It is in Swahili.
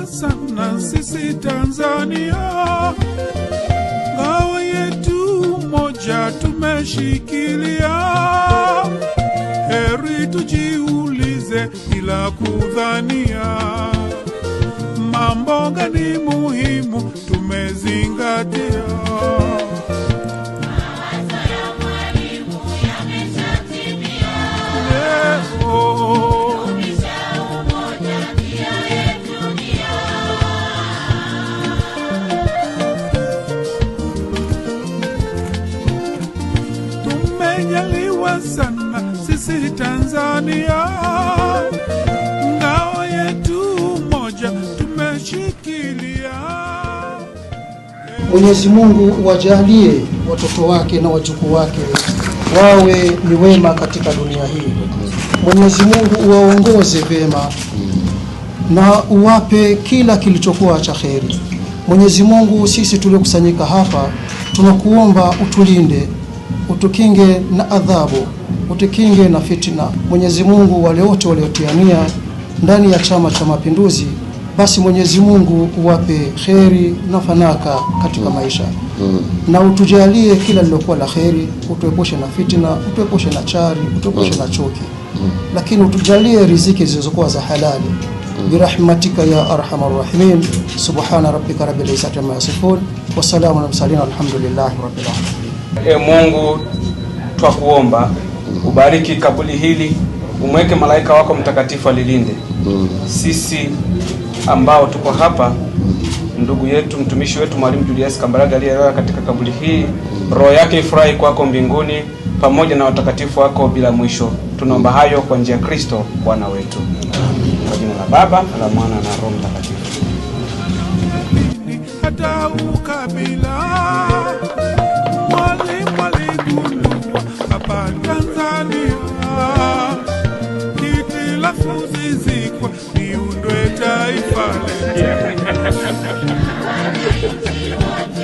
kubwa sana sisi Tanzania, ngao yetu moja tumeshikilia. Heri tujiulize bila kudhania, mambo gani tumenyaliwa sana sisi Tanzania, ngao yetu moja tumeshikilia. Mwenyezi Mungu wajalie watoto wake na wajukuu wake wawe ni wema katika dunia hii. Mwenyezi Mungu uwaongoze vema na uwape kila kilichokuwa cha heri. Mwenyezi Mungu, sisi tuliokusanyika hapa tunakuomba utulinde utukinge na adhabu, utukinge na fitina. Mwenyezi Mungu, wale wote waliotiania ndani ya Chama cha Mapinduzi, basi Mwenyezi Mungu uwape kheri na fanaka katika maisha mm na utujalie kila lilokuwa la kheri, utuepushe na fitina, utuepushe na chari, utuepushe mm na chuki mm lakini utujalie riziki zilizokuwa za halali mm. birahmatika ya arhamar rahimin. Subhana rabbika rabbil izzati amma yasifun, wasalamu ala mursalin, alhamdulillahi rabbil alamin. E Mungu, twakuomba ubariki kaburi hili, umweke malaika wako mtakatifu alilinde. Sisi ambao tuko hapa, ndugu yetu mtumishi wetu Mwalimu Julius Kambarage aliyelala katika kaburi hii, roho yake ifurahi kwako mbinguni pamoja na watakatifu wako bila mwisho. Tunaomba hayo kwa njia ya Kristo Bwana wetu. Kwa jina la Baba na la Mwana na Roho Mtakatifu. Mkwawa iundwe taifa lengine